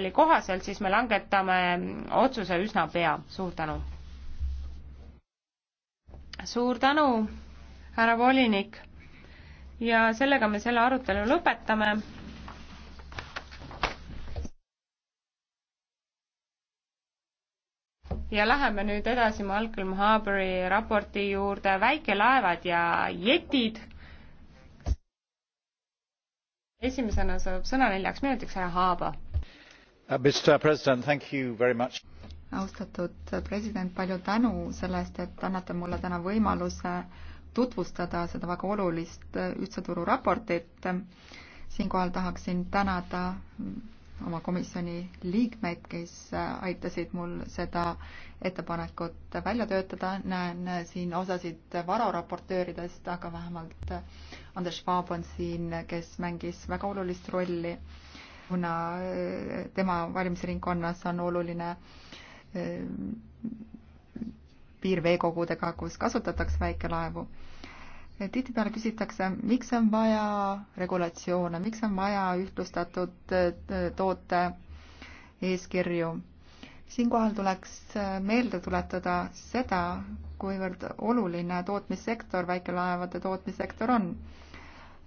protokolli kohaselt, siis me langetame otsuse üsna pea. suur tänu! suur tänu, härra volinik! ja sellega me selle arutelu lõpetame. ja läheme nüüd edasi Malcolm Harbori raporti juurde, väikelaevad ja jetid esimesena saab sõna neljaks minutiks härra Haaba Uh, austatud president, palju tänu selle eest, et annate mulle täna võimaluse tutvustada seda väga olulist äh, ühtse turu raportit. siinkohal tahaksin tänada mm, oma komisjoni liikmeid, kes äh, aitasid mul seda ettepanekut välja töötada. näen äh, siin osasid vararaportööridest, aga vähemalt Andres Vaab on siin, kes mängis väga olulist rolli kuna eh, tema valimisringkonnas on oluline eh, piir veekogudega, kus kasutatakse väikelaevu. Eh, tihtipeale küsitakse, miks on vaja regulatsioone, miks on vaja ühtlustatud toote eeskirju. siinkohal tuleks meelde tuletada seda, kuivõrd oluline tootmissektor, väikelaevade tootmissektor on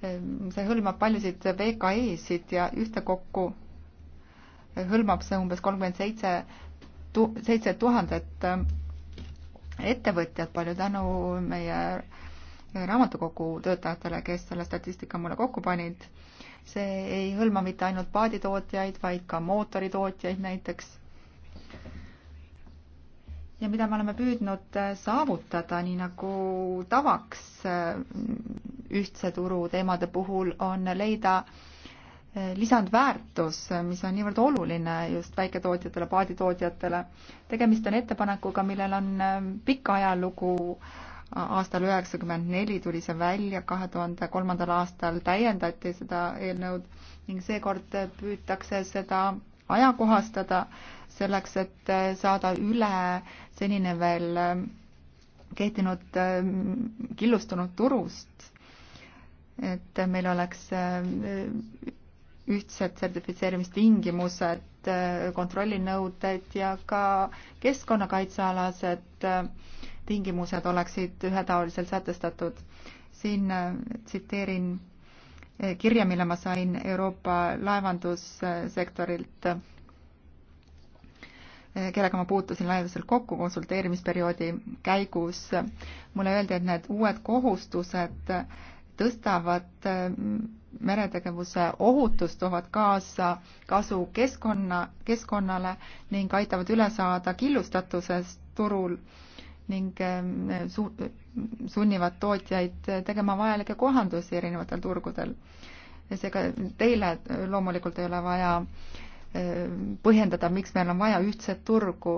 see hõlmab paljusid VKE-sid ja ühtekokku hõlmab see umbes kolmkümmend seitse, seitse tuhandet äh, ettevõtjat, palju tänu meie äh, raamatukogu töötajatele, kes selle statistika mulle kokku panid. see ei hõlma mitte ainult paaditootjaid, vaid ka mootoritootjaid näiteks ja mida me oleme püüdnud äh, saavutada, nii nagu tavaks äh, ühtse turu teemade puhul, on leida äh, lisandväärtus, mis on niivõrd oluline just väiketootjatele, paaditootjatele. tegemist on ettepanekuga, millel on pikk ajalugu, aastal üheksakümmend neli tuli see välja, kahe tuhande kolmandal aastal täiendati seda eelnõud ning seekord püütakse seda ajakohastada, selleks et äh, saada üle senine veel ähm, kehtinud ähm, killustunud turust, et meil oleks ähm, ühtsed sertifitseerimistingimused, äh, kontrollinõuded ja ka keskkonnakaitsealased äh, tingimused oleksid ühetaoliselt sätestatud. siin tsiteerin kirja, mille ma sain Euroopa laevandussektorilt, kellega ma puutusin laialdaselt kokku konsulteerimisperioodi käigus. mulle öeldi, et need uued kohustused tõstavad mm, meretegevuse ohutust, toovad kaasa kasu keskkonna, keskkonnale ning aitavad üle saada killustatusest turul ning ähm, su-, sunnivad tootjaid tegema vajalikke kohandusi erinevatel turgudel. seega teile loomulikult ei ole vaja ähm, põhjendada, miks meil on vaja ühtset turgu,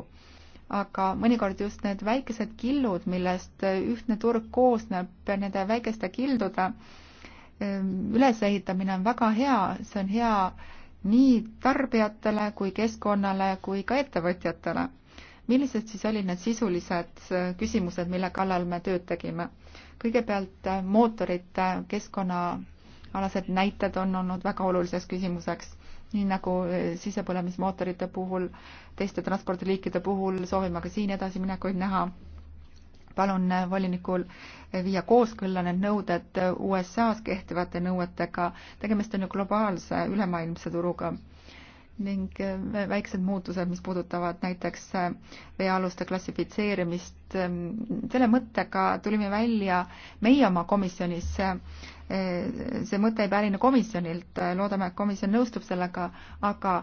aga mõnikord just need väikesed killud, millest ühtne turg koosneb, nende väikeste kildude ähm, ülesehitamine on väga hea, see on hea nii tarbijatele kui keskkonnale kui ka ettevõtjatele millised siis olid need sisulised äh, küsimused, mille kallal me tööd tegime? kõigepealt äh, mootorite keskkonnaalased näited on olnud väga oluliseks küsimuseks, nii nagu äh, sisepõlemismootorite puhul, teiste transpordiliikide puhul soovime ka siin edasiminekuid näha. palun volinikul viia kooskõlla need nõuded USA-s kehtivate nõuetega, tegemist on ju globaalse ülemaailmse turuga ning äh, väiksed muutused, mis puudutavad näiteks äh, veealuste klassifitseerimist. Ähm, selle mõttega tulime välja meie oma komisjonis. Äh, see mõte ei pärine komisjonilt, loodame, et komisjon nõustub sellega, aga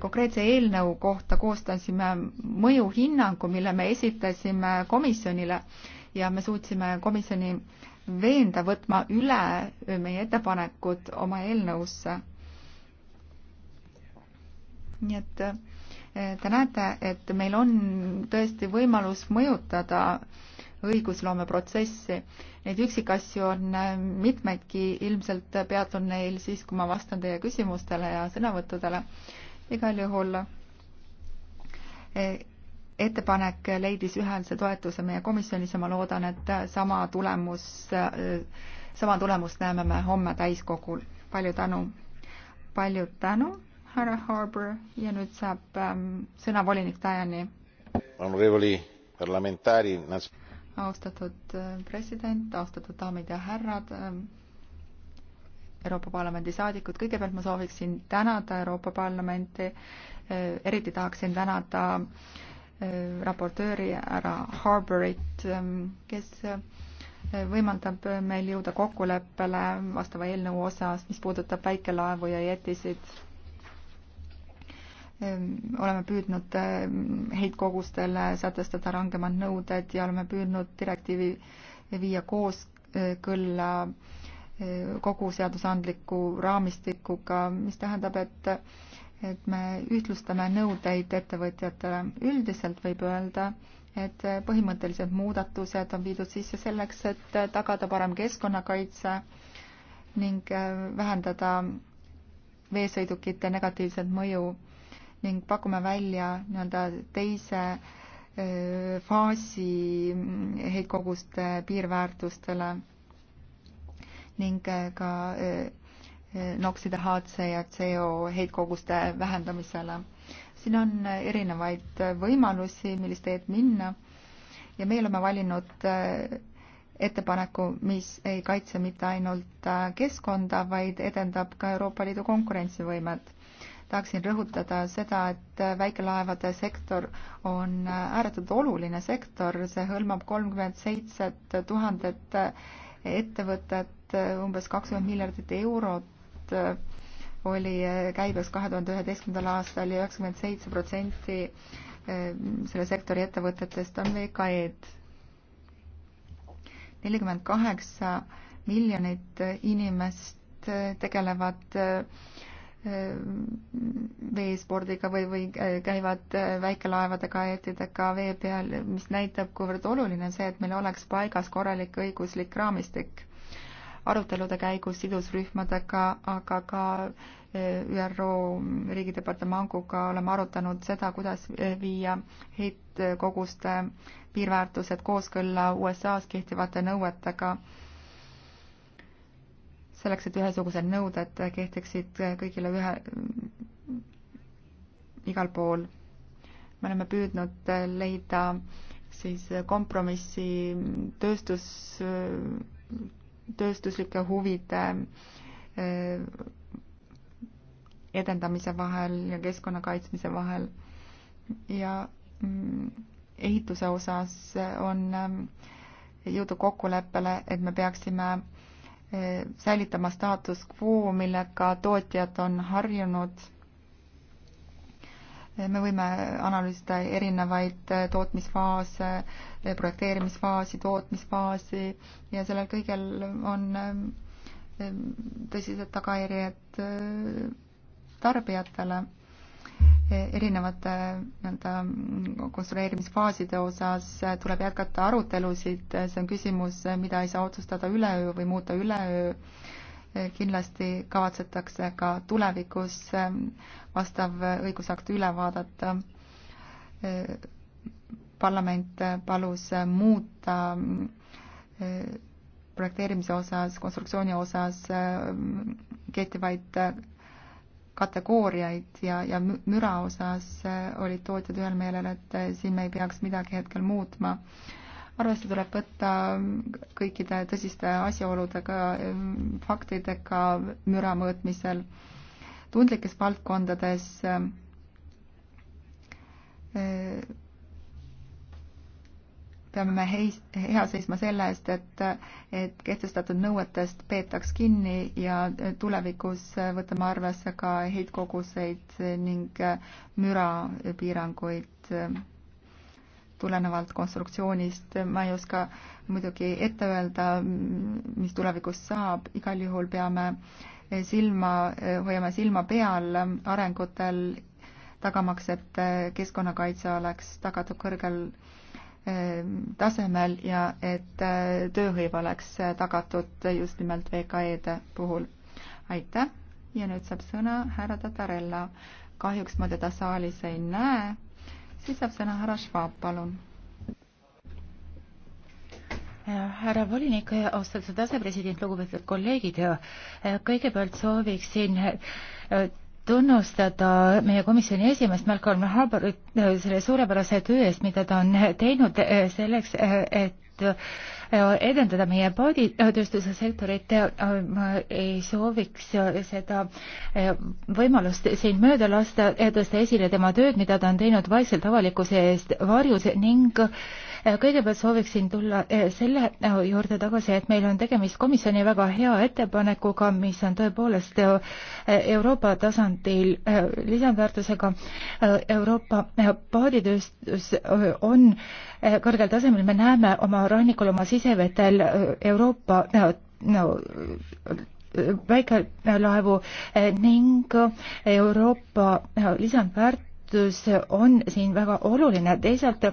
konkreetse eelnõu kohta koostasime mõjuhinnangu, mille me esitasime komisjonile ja me suutsime komisjoni veenda võtma üle meie ettepanekud oma eelnõusse nii et eh, te näete, et meil on tõesti võimalus mõjutada õigusloome protsessi. Neid üksikasju on eh, mitmeidki, ilmselt peatun neil siis, kui ma vastan teie küsimustele ja sõnavõttudele. igal juhul eh, ettepanek leidis ühehäälse toetuse meie komisjonis ja ma loodan, et sama tulemus, sama tulemust näeme me homme täiskogul. palju tänu! palju tänu! härra Harbour ja nüüd saab ähm, sõna volinik Tajani. austatud äh, president, austatud daamid ja härrad ähm,, Euroopa Parlamendi saadikud, kõigepealt ma sooviksin tänada Euroopa Parlamenti, äh, eriti tahaksin tänada äh, raportööri härra Harbourit, ähm, kes võimaldab meil jõuda kokkuleppele vastava eelnõu osas, mis puudutab väikelaevu ja jetisid Ehm, oleme püüdnud ehm, heitkogustele sätestada rangemad nõuded ja oleme püüdnud direktiivi viia kooskõlla eh, eh, kogu seadusandliku raamistikuga, mis tähendab, et et me ühtlustame nõudeid ettevõtjatele. üldiselt võib öelda, et põhimõttelised muudatused on viidud sisse selleks, et tagada parem keskkonnakaitse ning eh, vähendada veesõidukite negatiivset mõju ning pakume välja nii-öelda teise faasi mm, heitkoguste piirväärtustele ning ka NOX-ide HC ja CO heitkoguste vähendamisele. siin on erinevaid võimalusi, millist teed minna ja meie oleme valinud ettepaneku, mis ei kaitse mitte ainult äh, keskkonda, vaid edendab ka Euroopa Liidu konkurentsivõimet tahaksin rõhutada seda, et väikelaevade sektor on ääretult oluline sektor, see hõlmab kolmkümmend seitset tuhandet ettevõtet, umbes kakskümmend miljardit eurot oli käibeks kahe tuhande üheteistkümnendal aastal ja üheksakümmend seitse protsenti eh, selle sektori ettevõtetest on VKE-d. nelikümmend kaheksa miljonit inimest tegelevad äh, Äh, veespordiga või, või äh, käivad äh, väikelaevadega, jettidega vee peal, mis näitab, kuivõrd oluline on see, et meil oleks paigas korralik õiguslik raamistik. arutelude käigus sidusrühmadega, aga ka ÜRO riigidepartamanguga oleme arutanud seda, kuidas viia heitkoguste piirväärtused kooskõlla USA-s kehtivate nõuetega selleks, et ühesugused nõuded kehtiksid kõigile ühe, igal pool. me oleme püüdnud leida siis kompromissi tööstus, tööstuslike huvide eh, edendamise vahel ja keskkonna kaitsmise vahel ja mm, ehituse osas on eh, jõuda kokkuleppele, et me peaksime säilitama staatus quo, millega tootjad on harjunud. me võime analüüsida erinevaid tootmisfaase, projekteerimisfaasi, tootmisfaasi ja sellel kõigel on ähm, tõsised tagajärjed äh, tarbijatele erinevate nii-öelda konstrueerimisfaaside osas tuleb jätkata arutelusid, see on küsimus, mida ei saa otsustada üleöö või muuta üleöö. kindlasti kavatsetakse ka tulevikus vastav õigusakt üle vaadata. parlament palus muuta projekteerimise osas, konstruktsiooni osas kehtivaid kategooriaid ja, ja müra osas äh, olid tootjad ühel meelel, et äh, siin me ei peaks midagi hetkel muutma. arvesse tuleb võtta äh, kõikide tõsiste asjaoludega, faktidega müra mõõtmisel. tundlikes valdkondades peame me heis, hea seisma selle eest, et, et kehtestatud nõuetest peetaks kinni ja tulevikus võtame arvesse ka heitkoguseid ning mürapiiranguid tulenevalt konstruktsioonist. ma ei oska muidugi ette öelda, mis tulevikus saab, igal juhul peame silma, hoiame silma peal arengutel, tagamaks, et keskkonnakaitse oleks tagatud kõrgel tasemel ja et äh, tööhõiv oleks äh, tagatud just nimelt VKE-de puhul. aitäh ja nüüd saab sõna härra Tatarella. kahjuks ma teda saalis ei näe, siis saab sõna härra Schwab, palun. Äh, härra volinik, austatud asepresident, lugupeetud kolleegid, kõigepealt sooviksin tunnustada meie komisjoni esimeest Malcolm Harbourit äh, selle suurepärase töö eest, mida ta on äh, teinud äh, selleks, et edendada meie paaditööstuse sektorit, ma ei sooviks seda võimalust siin mööda lasta, tõsta esile tema tööd, mida ta on teinud vaikselt avalikkuse eest varjus ning äh, Äh, kõigepealt sooviksin tulla äh, selle äh, juurde tagasi, et meil on tegemist komisjoni väga hea ettepanekuga, mis on tõepoolest Euroopa tasandil lisandväärtusega. Euroopa paaditööstus on kõrgel tasemel, me näeme oma rannikul, oma sisevetel Euroopa no, väikelaevu ning Euroopa lisandväärt vastutus on siin väga oluline, teisalt eh,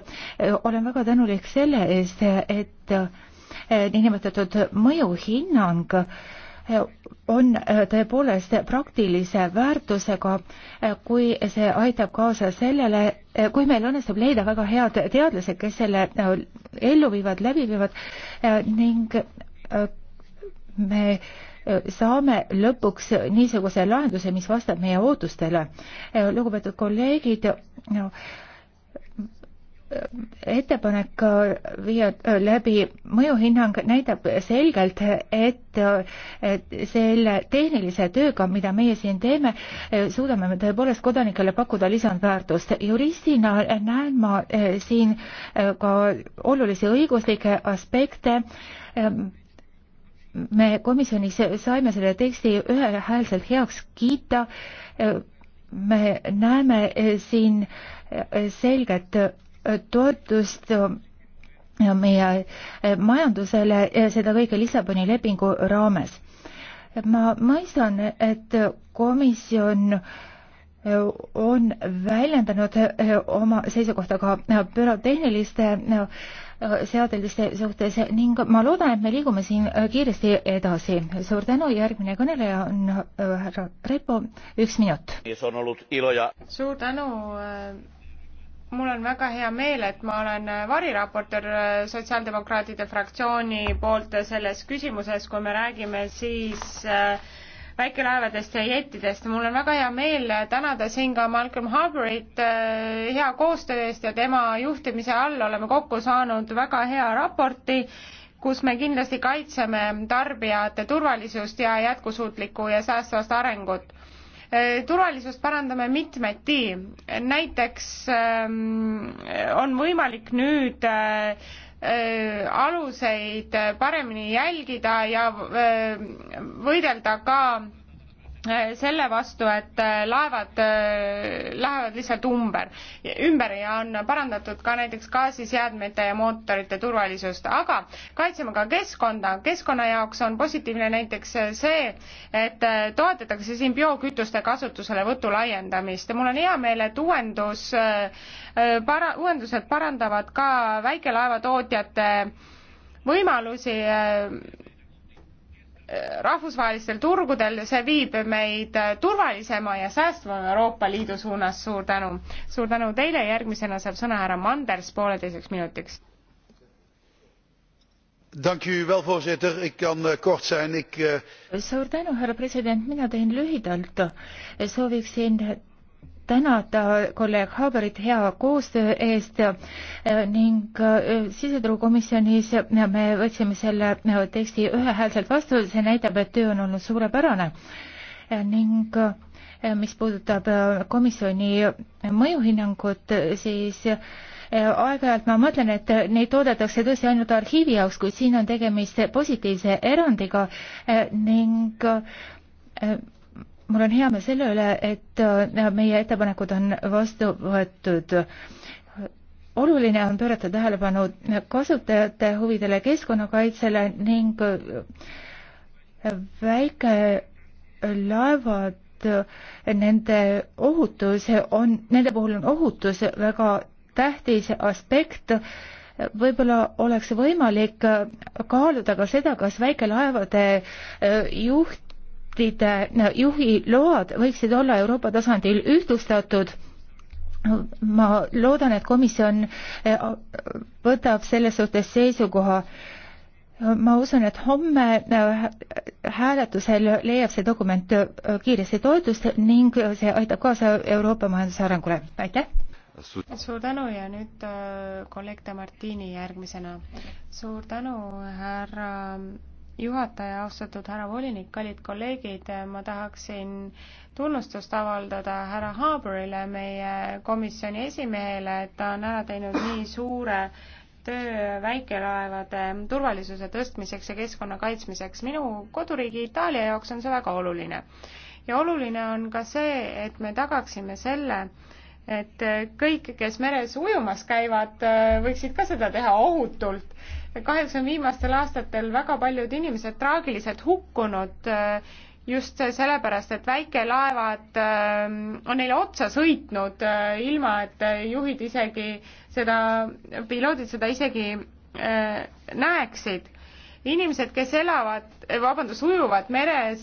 olen väga tänulik selle eest, et eh, niinimetatud mõjuhinnang eh, on tõepoolest praktilise väärtusega, kui see aitab kaasa sellele, kui meil õnnestub leida väga head teadlased, kes selle ellu viivad, läbi viivad ning me saame lõpuks niisuguse lahenduse, mis vastab meie ootustele. lugupeetud kolleegid no,, ettepanek viia läbi mõjuhinnang näitab selgelt, et, et selle tehnilise tööga, mida meie siin teeme, suudame me tõepoolest kodanikele pakkuda lisandväärtust. juristina näen ma eh, siin eh, ka olulisi õiguslikke aspekte eh, me komisjonis saime selle teksti ühehäälselt heaks kiita. me näeme siin selget toetust meie majandusele ja seda kõige Lissaboni lepingu raames. ma mõistan, et komisjon on väljendanud oma seisukohta ka bürotehniliste Äh, seadeliste suhtes ning ma loodan, et me liigume siin äh, kiiresti edasi. suur tänu, järgmine kõneleja on äh, härra Repo, üks minut. suur tänu mul on väga hea meel, et ma olen variraportöör Sotsiaaldemokraatide fraktsiooni poolt selles küsimuses, kui me räägime siis äh, väikelaevadest ja jettidest. mul on väga hea meel tänada siin ka Malcolm Harbourit äh, hea koostöö eest ja tema juhtimise all oleme kokku saanud väga hea raporti, kus me kindlasti kaitseme tarbijate turvalisust ja jätkusuutlikku ja säästvast arengut äh, turvalisust parandame mitmeti, näiteks ähm, on võimalik nüüd äh, aluseid paremini jälgida ja võidelda ka Äh, selle vastu, et äh, laevad äh, lähevad lihtsalt umber, ümber ja on parandatud ka näiteks gaasiseadmete ja mootorite turvalisust, aga kaitseme ka keskkonda. keskkonna jaoks on positiivne näiteks see, et toetatakse siin biokütuste kasutuselevõtu laiendamist ja mul on hea meel, et uuendus, para-, uuendused parandavad ka väikelaevatootjate võimalusi rahvusvahelistel turgudel, see viib meid turvalisema ja säästvama Euroopa Liidu suunas, suur tänu. suur tänu teile, järgmisena saab sõna härra Manders pooleteiseks minutiks. Well, voorzitter ik kan uh, kort zijn. Ik, uh... suur tänu härra president mina teen lühidalt sooviksin tänada äh, kolleeg Haaberit hea koostöö eest äh, ning äh, siseturukomisjonis me võtsime selle teksti ühehäälselt vastu, see näitab, et töö on olnud suurepärane ning mis puudutab komisjoni mõjuhinnangut, siis aeg-ajalt ma mõtlen, et neid toodetakse tõesti ainult arhiivi jaoks, kuid siin on tegemist positiivse erandiga ning mul on hea meel selle üle, et äh, meie ettepanekud on vastu võetud. oluline on pöörata tähelepanu kasutajate huvidele, keskkonnakaitsele ning äh, väikelaevad, äh, nende ohutus on, nende puhul on ohutus väga tähtis aspekt võib-olla oleks võimalik kaaluda ka seda, kas väikelaevade juht projektide juhiload võiksid olla Euroopa tasandil ühtlustatud ma loodan, et komisjon eh, võtab selles suhtes seisukoha. ma usun, et homme eh, hääletusel leiab see dokument eh, kiiresti toetust ning see aitab kaasa Euroopa majanduse arengule. aitäh! suur tänu ja nüüd kolleeg Martini järgmisena. suur tänu, härra juhataja, austatud härra volinik, kallid kolleegid, ma tahaksin tunnustust avaldada härra Haaberile, meie komisjoni esimehele, et ta on ära teinud nii suure töö väikelaevade turvalisuse tõstmiseks ja keskkonna kaitsmiseks. minu koduriigi Itaalia jaoks on see väga oluline. ja oluline on ka see, et me tagaksime selle, et kõik, kes meres ujumas käivad, võiksid ka seda teha ohutult kahjuks on viimastel aastatel väga paljud inimesed traagiliselt hukkunud äh, just sellepärast, et väikelaevad äh, on neile otsa sõitnud, äh, ilma et juhid isegi seda, piloodid seda isegi näeksid inimesed, kes elavad, vabandust, ujuvad meres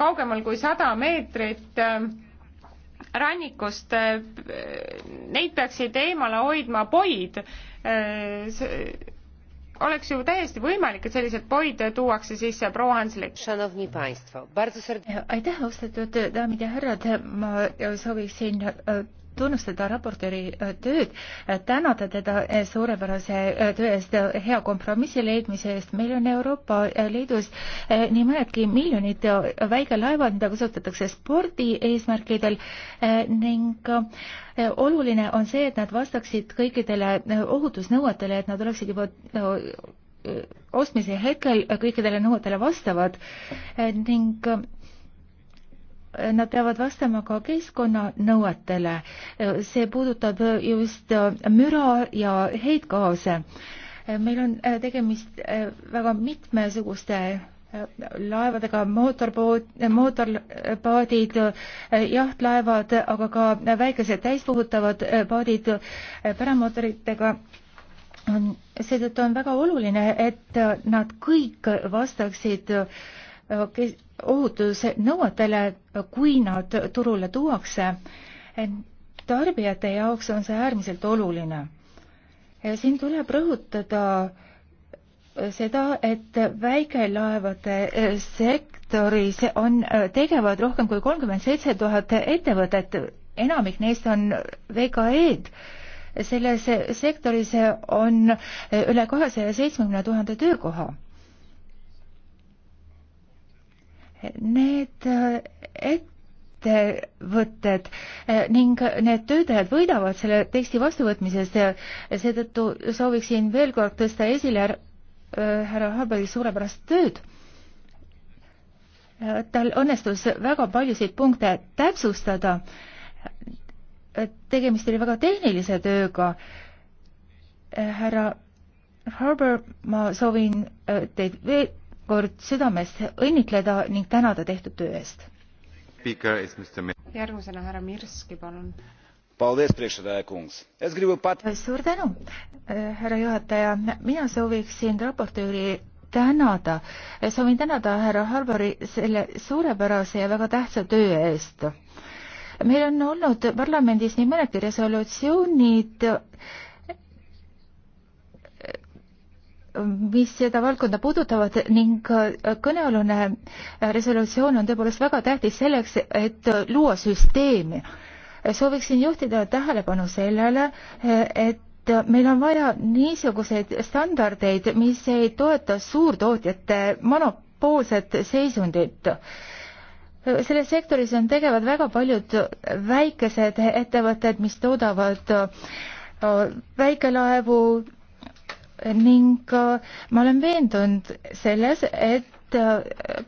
kaugemal kui sada meetrit rannikust, neid peaksid eemale hoidma poid oleks ju täiesti võimalik, et sellised poid tuuakse sisse, proua Hanslik. aitäh, austatud daamid ja härrad, ma sooviksin äh, tunnustada raportööri äh, tööd, äh, tänada teda äh, suurepärase töö eest, hea kompromissi leidmise eest. meil on Euroopa Liidus nii mõnedki miljonid väikelaevad, mida kasutatakse spordi eesmärkidel ning oluline on see, et nad vastaksid kõikidele ohutusnõuetele, et nad oleksid juba ostmise hetkel kõikidele nõuetele vastavad ning nad peavad vastama ka keskkonnanõuetele. see puudutab just müra ja heitgaase. meil on tegemist väga mitmesuguste laevadega mootorpood, mootorpaadid, jahtlaevad, aga ka väikesed täispuhutavad paadid päramootoritega seetõttu on väga oluline, et nad kõik vastaksid kes, ohutusnõuetele, kui nad turule tuuakse. tarbijate jaoks on see äärmiselt oluline. siin tuleb rõhutada seda, et väikelaevade sektoris on, tegevad rohkem kui kolmkümmend seitse tuhat ettevõtet, enamik neist on VKE-d selles sektoris on üle kahesaja seitsmekümne tuhande töökoha Need äh, ettevõtted äh, ning need töötajad võidavad selle teksti vastuvõtmisest ja seetõttu sooviksin veel kord tõsta esile äh, härra Haberi suurepärast tööd tal õnnestus väga paljusid punkte täpsustada. tegemist oli väga tehnilise tööga. härra Harbour, ma soovin teid veel kord südamest õnnitleda ning tänada tehtud töö eest. järgmisena härra Mirski, palun. suur tänu, eh, härra juhataja, mina sooviksin raportööri tänada, soovin tänada härra Harvari selle suurepärase ja väga tähtsa töö eest. meil on olnud parlamendis nii mõnedki resolutsioonid, mis seda valdkonda puudutavad ning äh, kõnealune äh, resolutsioon on tõepoolest väga tähtis selleks, et äh, luua süsteemi. sooviksin juhtida tähelepanu sellele, et meil on vaja niisuguseid standardeid, mis ei toeta suurtootjate monopoolset seisundit selles sektoris on tegevad väga paljud väikesed ettevõtted, mis toodavad väikelaevu, ning äh, ma olen veendunud selles, et äh,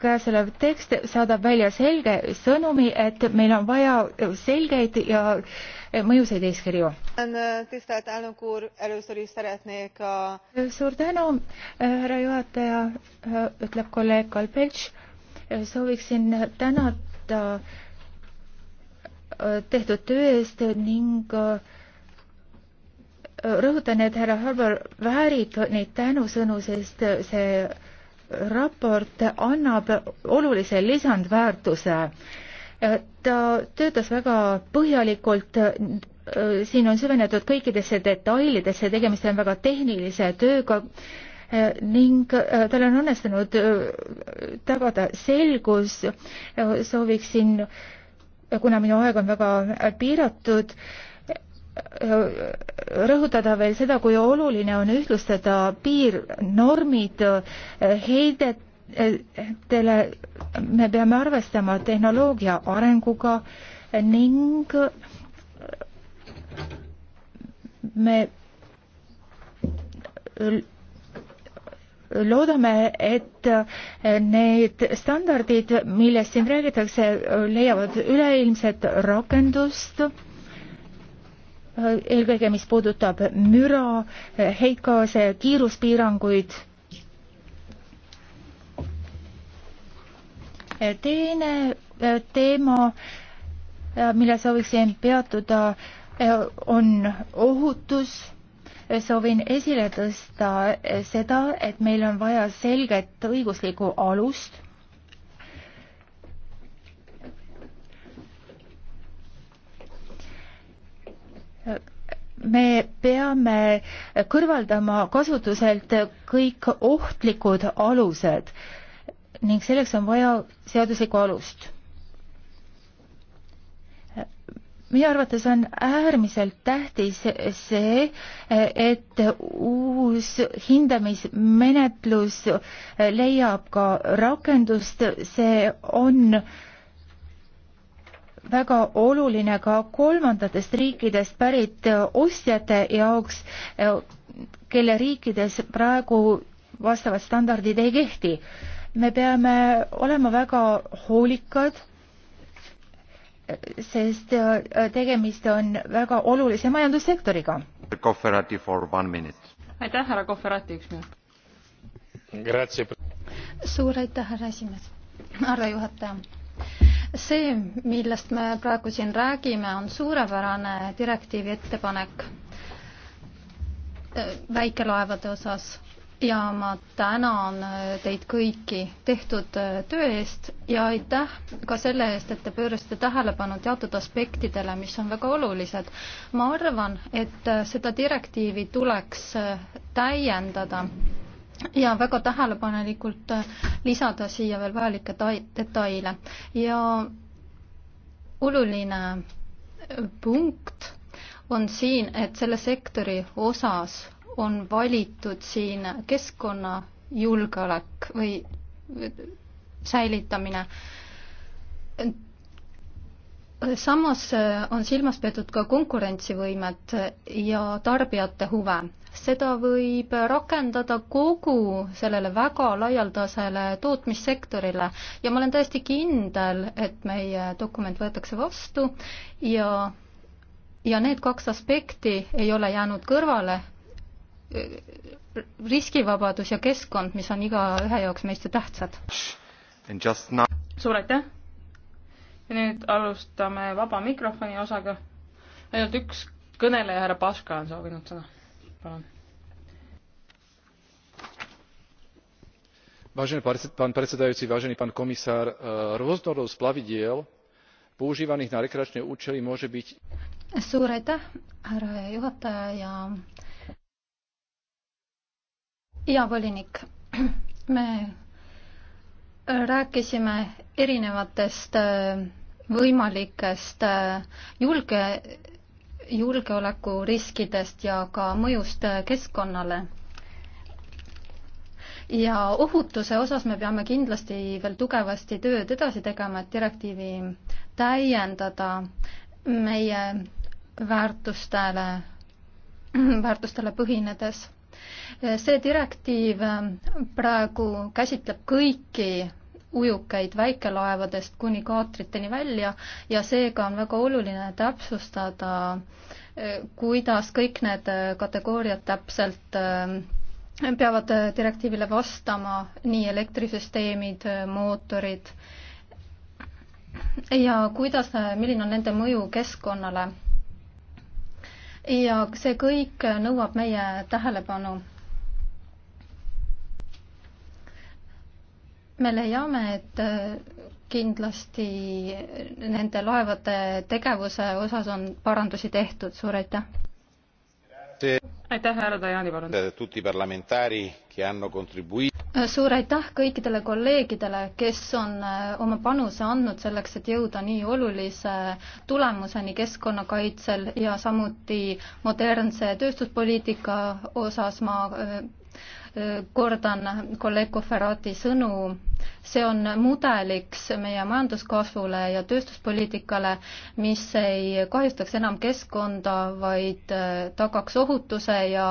käesolev tekst saadab välja selge sõnumi, et meil on vaja selgeid ja äh, mõjusaid eeskirju. suur tänu, härra juhataja, ütleb kolleeg Kalbelš. sooviksin tänada tehtud töö eest ning äh, rõhutan, et härra Harvar väärib neid tänusõnu, sest äh, see raport annab olulise lisandväärtuse. Äh, ta töötas väga põhjalikult, äh, siin on süvenetud kõikidesse detailidesse, tegemist on väga tehnilise tööga ning tal on õnnestunud tagada selgus, sooviksin, kuna minu aeg on väga piiratud, rõhutada veel seda, kui oluline on ühtlustada piirnormid eh, heidetele, me peame arvestama tehnoloogia arenguga ning me loodame, et need standardid, millest siin räägitakse, leiavad üleilmset rakendust Äh, eelkõige mis puudutab müra, äh, heitgaase, kiiruspiiranguid. Äh, teine teema, mille sooviksin peatuda, on ohutus. soovin esile tõsta seda, et meil on vaja selget õiguslikku alust me peame kõrvaldama kasutuselt kõik ohtlikud alused ning selleks on vaja seaduslikku alust. minu arvates on äärmiselt tähtis see, et uus hindamismenetlus leiab ka rakendust, see on äh, väga oluline ka kolmandatest riikidest pärit äh, ostjate jaoks, äh, kelle riikides praegu vastavad standardid ei kehti. me peame olema väga hoolikad, äh, sest tegemist on väga olulise majandussektoriga. aitäh, härra Kohverati, üks minut. suur aitäh, härra esimees, härra juhataja see, millest me praegu siin räägime, on suurepärane direktiivi ettepanek äh, väikelaevade osas ja ma tänan teid kõiki tehtud äh, töö eest ja aitäh ka selle eest, et te pöörasite tähelepanu teatud aspektidele, mis on väga olulised. ma arvan, et äh, seda direktiivi tuleks täiendada ja väga tähelepanelikult äh, lisada siia veel vajalikke detaile ja oluline äh, punkt on siin, et selle sektori osas on valitud siin keskkonnajulgeolek või äh, säilitamine. samas on silmas peetud ka konkurentsivõimet ja tarbijate huve seda võib rakendada kogu sellele väga laialdasele tootmissektorile ja ma olen täiesti kindel, et meie dokument võetakse vastu ja, ja need kaks aspekti ei ole jäänud kõrvale, riskivabadus ja keskkond, mis on igaühe jaoks meist ju tähtsad. suur aitäh! ja nüüd alustame vaba mikrofoni osaga. ainult üks kõneleja, härra Paška, on soovinud sõna palun. vážený pán predsedajúci vážený pán komisár eh, rôznorodosť plavidiel používaných na rekreačné účely môže byť. suur aitäh härra juhataja ja ja volinik me rääkisime erinevatest eh, võimalikest eh, julge julgeolekuriskidest ja ka mõjust äh, keskkonnale. ja ohutuse osas me peame kindlasti veel tugevasti tööd edasi tegema, et direktiivi täiendada meie väärtustele, väärtustele põhinedes. Äh, see direktiiv äh, praegu käsitleb kõiki ujukeid väikelaevadest kuni kaatriteni välja ja seega on väga oluline täpsustada, eh, kuidas kõik need eh, kategooriad täpselt eh, peavad direktiivile vastama, nii elektrisüsteemid, mootorid ja kuidas, milline on nende mõju keskkonnale. ja see kõik nõuab meie tähelepanu me leiame, et äh, kindlasti nende laevade tegevuse osas on parandusi tehtud, suur aitäh! aitäh, härra Tajani, palun! Äh, suur aitäh kõikidele kolleegidele, kes on äh, oma panuse andnud selleks, et jõuda nii olulise tulemuseni keskkonnakaitsel ja samuti modernse tööstuspoliitika osas ma kordan kolleeg Koferati sõnu, see on mudeliks meie majanduskasvule ja tööstuspoliitikale, mis ei kahjustaks enam keskkonda, vaid äh, tagaks ohutuse ja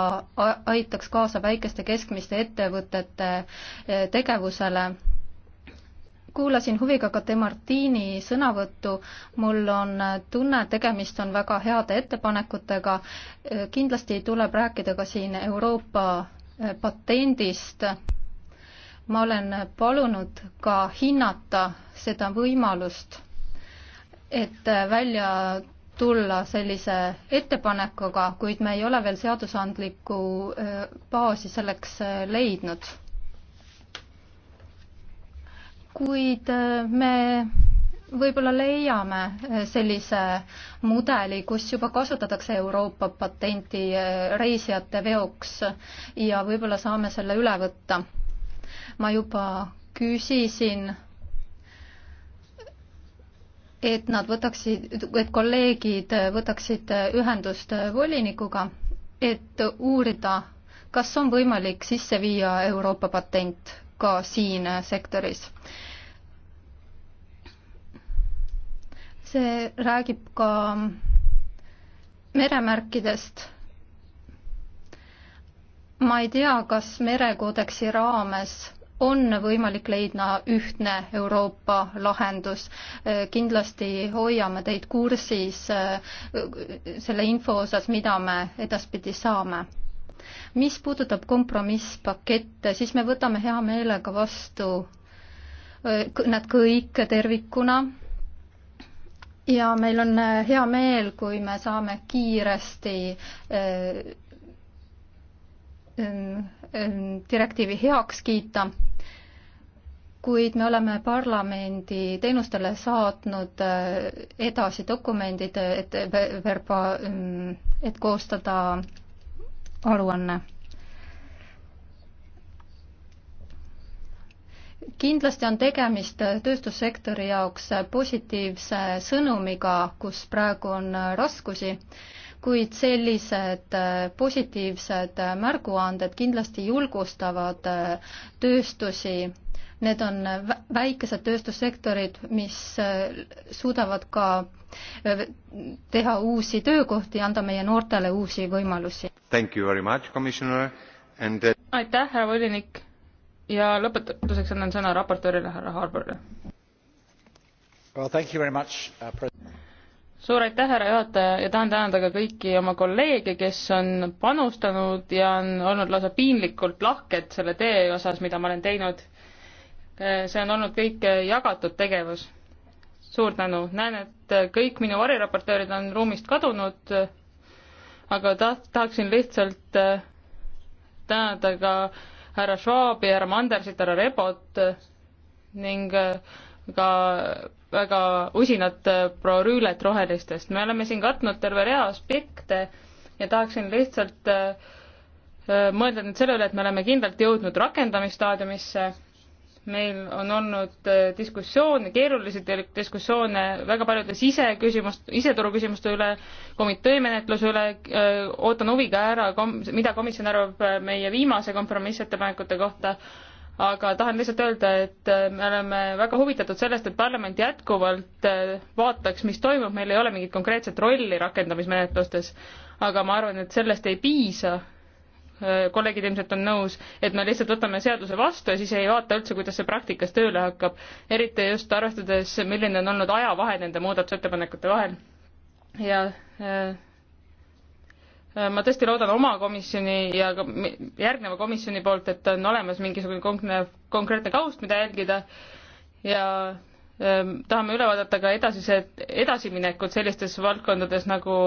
aitaks kaasa väikeste keskmiste ettevõtete äh, tegevusele kuulasin huviga ka De Martini sõnavõttu, mul on tunne, et tegemist on väga heade ettepanekutega, äh, kindlasti tuleb rääkida ka siin Euroopa Äh, patendist. ma olen palunud ka hinnata seda võimalust, et välja tulla sellise ettepanekuga, kuid me ei ole veel seadusandlikku äh, baasi selleks äh, leidnud. kuid me võib-olla leiame eh, sellise mudeli, kus juba kasutatakse Euroopa patenti eh, reisijate veoks ja võib-olla saame selle üle võtta. ma juba küsisin, et nad võtaksid, et kolleegid võtaksid ühendust volinikuga, et uurida, kas on võimalik sisse viia Euroopa patent ka siin sektoris see räägib ka meremärkidest. ma ei tea, kas merekoodeksi raames on võimalik leida ühtne Euroopa lahendus. kindlasti hoiame teid kursis äh, selle info osas, mida me edaspidi saame. mis puudutab kompromisspakette, siis me võtame hea meelega vastu äh, nad kõik tervikuna ja meil on äh, hea meel, kui me saame kiiresti äh, ähm, ähm, direktiivi heaks kiita, kuid me oleme parlamendi teenustele saatnud äh, edasi dokumendid, et verba, ähm, et koostada aruanne kindlasti on tegemist tööstussektori jaoks positiivse sõnumiga, kus praegu on raskusi, kuid sellised positiivsed märguanded kindlasti julgustavad tööstusi. Need on väikesed tööstussektorid, mis suudavad ka teha uusi töökohti ja anda meie noortele uusi võimalusi. Uh, aitäh, härra volinik ja lõpetuseks annan sõna raportöörile härra Harbourile well,. Uh, suur aitäh, härra juhataja ja tahan tänada ka kõiki oma kolleege, kes on panustanud ja on olnud lausa piinlikult lahked selle tee osas, mida ma olen teinud. see on olnud kõik jagatud tegevus. suur tänu, näen, et kõik minu variraportöörid on ruumist kadunud, aga taht-, tahaksin lihtsalt äh, tänada ka äh, härra Schwabi, härra Mandersit, härra Rebot ning äh, ka väga usinat äh, prorüület rohelistest. me oleme siin katnud terve rea aspekte ja tahaksin lihtsalt äh, mõelda nüüd selle üle, et me oleme kindlalt jõudnud rakendamisstaadiumisse meil on olnud äh, diskussioone, keerulisi diskussioone väga paljude siseküsimust, siseturu küsimuste üle, komitee menetluse üle, äh, ootan huviga ära, mida komisjon arvab äh, meie viimase kompromissettepanekute kohta, aga tahan lihtsalt öelda, et me oleme väga huvitatud sellest, et parlament jätkuvalt vaataks, mis toimub, meil ei ole mingit konkreetset rolli rakendamismenetlustes, aga ma arvan, et sellest ei piisa Äh, kolleegid ilmselt on nõus, et me lihtsalt võtame seaduse vastu ja siis ei vaata üldse, kuidas see praktikas tööle hakkab. eriti just arvestades, milline on olnud ajavahe nende muudatusettepanekute vahel. ja äh, ma tõesti loodan oma komisjoni ja ka järgneva komisjoni poolt, et on olemas mingisugune konkreetne, konkreetne kaust, mida jälgida ja äh, tahame üle vaadata ka edasised, edasiminekud sellistes valdkondades nagu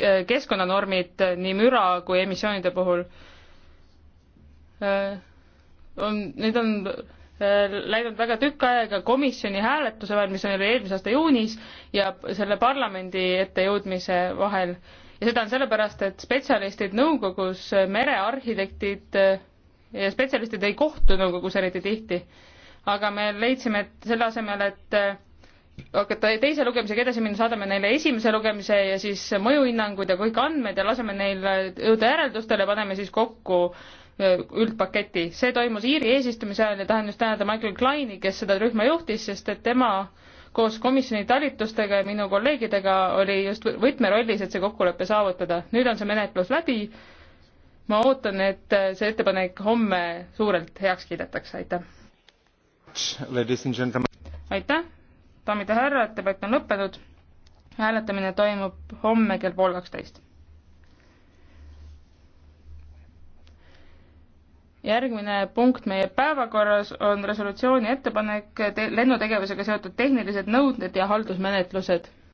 Eh, keskkonnanormid nii müra kui emissioonide puhul eh, on, need on eh, läinud väga tükk aega komisjoni hääletuse vahel, mis oli eelmise aasta juunis, ja selle parlamendi ette jõudmise vahel. ja seda on sellepärast, et spetsialistid nõukogus, merearhitektid ja spetsialistid ei kohtu nõukogus eriti tihti. aga me leidsime, et selle asemel, et hakata teise lugemisega edasi minna, saadame neile esimese lugemise ja siis mõjuhinnangud ja kõik andmed ja laseme neil jõuda järeldustele, paneme siis kokku üldpaketi. see toimus Iiri eesistumise ajal ja tahan just tänada Michael Kleini, kes seda rühma juhtis, sest et tema koos komisjoni talitustega ja minu kolleegidega oli just võtmerollis, et see kokkulepe saavutada. nüüd on see menetlus läbi. ma ootan, et äh, see ettepanek homme suurelt heaks kiidetakse, aitäh. aitäh daamid ja härrad, debatt on lõppenud. hääletamine toimub homme kell pool kaksteist. järgmine punkt meie päevakorras on resolutsiooni ettepanek lennutegevusega seotud tehnilised nõuded ja haldusmenetlused